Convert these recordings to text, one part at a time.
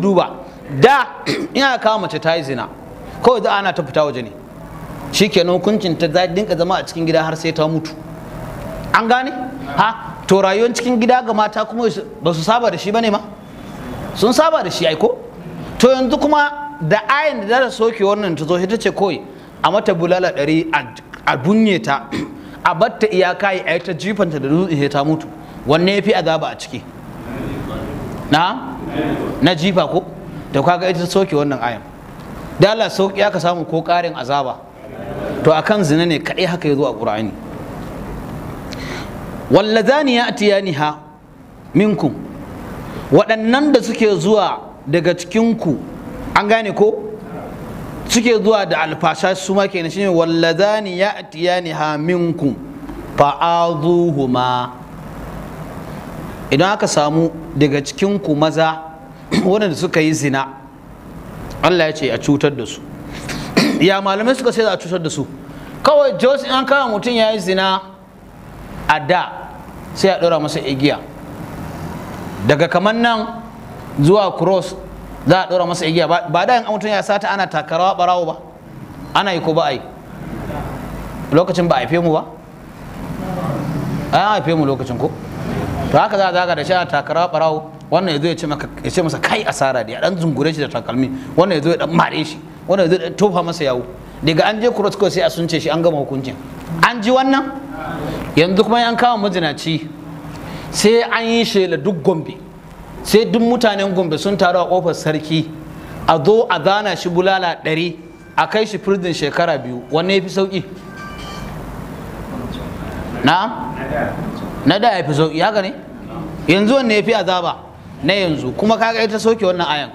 duba da ina kawo mace ta yi zina kawai da ana ta fita waje ne shikenan hukuncin ta za dinka zama a cikin gida har sai ta mutu an gane ha to rayuwar cikin gida ga mata kuma ba su saba da shi bane ma sun saba da shi aiko to yanzu kuma da ayan da za soke wannan ta zo ita ce kowai a mata bulala ɗari a bunye ta a batta iyaka ya ta jifanta da dutse ta mutu wanne ya fi azaba a ciki na na jifa ko to kaga ita soke wannan ayan da Allah sauki aka samu ko karin azaba to akan zina ne kadai haka yazo a qur'ani wallazani ya'tiyaniha minkum waɗannan da suke zuwa daga cikinku an gane ko suke zuwa da alfasha su ma kenan shine wallazani ya'tiyaniha minkum fa'azuhuma idan aka samu daga cikinku maza waɗanda suka yi zina Allah ya ce a cutar da su ya malamai suka sai za a cutar da su kawai jos an kama mutum ya yi zina a da sai a ɗora masa igiya daga kamar nan zuwa cross za a ɗora masa igiya ba da yin mutum ya sata ana takarawa ɓarawo ba ana yi ko ba a yi lokacin ba a haife mu ba an haife mu lokacin ko to haka za a zaga da shi a takara barawo wannan yazo ya ce ya ce masa kai asara da ya dan zungure shi da takalmi wannan yazo ya dan mare shi wannan yazo ya tofa masa yawo daga an je cross court sai a sunce shi an gama hukuncin an ji wannan yanzu kuma an kama majinaci sai an yi shela duk gombe sai duk mutanen gombe sun taru a kofar sarki a zo a zana shi bulala ɗari a kai shi firdin shekara biyu wanne ya fi sauƙi na'am na da ya fi sauki haka ne yanzu wanne ya fi azaba na yanzu kuma kaga ita sauke wannan ayan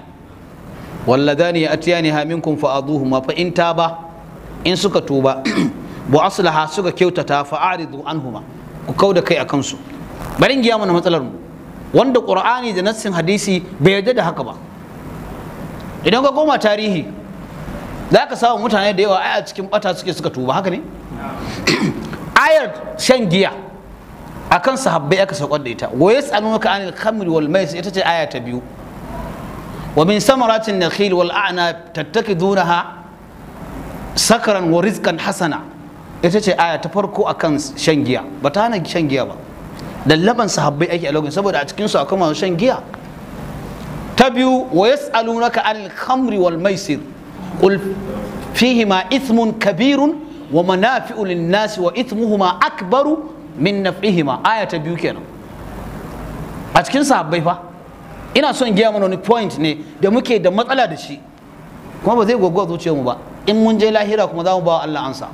walladani ya atiya ne haminkum fa ma fa in taba in suka tuba bu aslaha suka kyautata fa aridu anhuma ku kauda kai akan su bari giya mana matsalar mu wanda qur'ani da nassin hadisi bai yarda da haka ba idan ka goma tarihi za ka samu mutane da yawa a cikin bata suke suka tuba haka ne ayar shan giya akan sahabbai aka saukar da ita wa yas'alunaka anil khamri wal maisir ita ce aya ta biyu wa min samaratin nakhil wal a'nab tattakidunaha sakaran wa rizqan hasana ita ce aya ta farko akan shan giya ba ta hana shan giya ba Dallaban sahabbai ake a lokacin saboda a cikin su akwai masu shan giya ta biyu wa yas'alunaka anil khamri wal maisir qul fihima ithmun kabirun wa manafi'u lin-nasi wa ithmuhuma akbaru min naf'ihima aya ta biyu kenan a cikin sahabbai fa ina son gaya mana wani point ne da muke da matsala da shi kuma ba zai gwagwa zuciyarmu ba in mun je lahira kuma za mu ba Allah ansa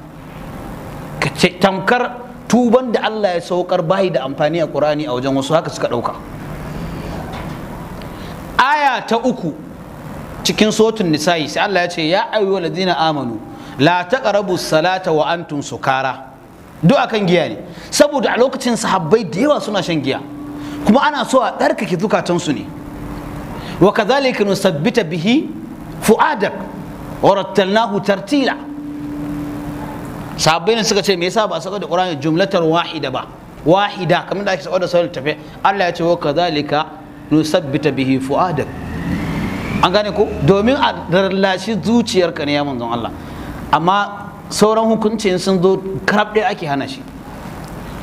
ka ce tamkar tuban da Allah ya saukar bayi da amfani a Qur'ani a wajen wasu haka suka dauka aya ta uku cikin sotun nisa'i sai Allah ya ce ya ayyuhal ladina amanu la taqrabu salata wa antum sukara duk akan giya ne saboda a lokacin sahabbai da yawa suna shan giya kuma ana so a ɗarkake zukatansu ne wa kazalika nusabbita bihi fu'adak wa rattalnahu tartila sahabbai ne suka ce me yasa ba saka da qur'ani jumlatar wahida ba wahida kamar da ake saka da sauran tafe Allah ya ce wa kazalika nusabbita bihi fu'adak an gane ko domin a rarrashi zuciyarka ne ya manzon Allah amma sauran hukuncin sun zo karab ɗaya ake hana shi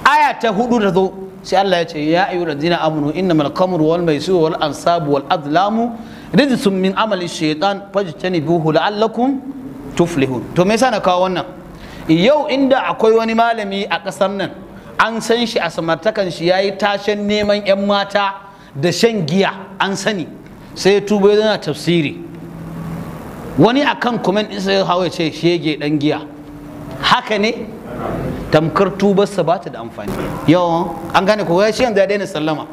aya ta hudu da zo sai Allah ya ce ya ayu radina inna innamal khamru wal su wal ansabu wal azlamu rizisun min amali shaytan fajtanibuhu la'allakum tuflihun to me sana kawo wannan yau inda akwai wani malami a ƙasar nan an san shi a samartakan shi yi tashen neman yan mata da shan giya an sani sai ya tuba zana tafsiri wani akan comment din sai hawa ya ce shege dan giya haka ne tamkar tubarsa ba ta da amfani Yau an gane ko ya shi yanzu ya daina sallama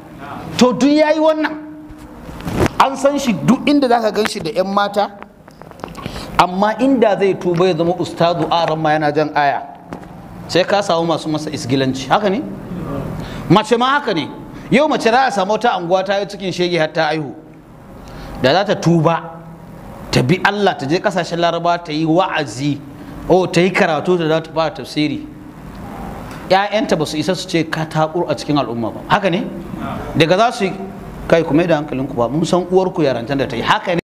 to duk ya yi wannan an san shi duk inda za ka gan shi da 'yan mata amma inda zai tuba ya zama ustazu aran ma yana jan aya sai ka samu masu masa isgilanci haka ne mace ma haka ne yau mace za a samu ta anguwa ta yi cikin shege har ta aihu da za ta tuba ta bi Allah ta je kasashen laraba ta yi wa'azi oh ta yi karatu da za ta fara tafsiri ‘ya'yanta ba su isa su ce ka taɓur a cikin al'umma ba haka ne daga za su kai kuma da hankalinku ba mun san uwarku yarantar da ta yi haka ne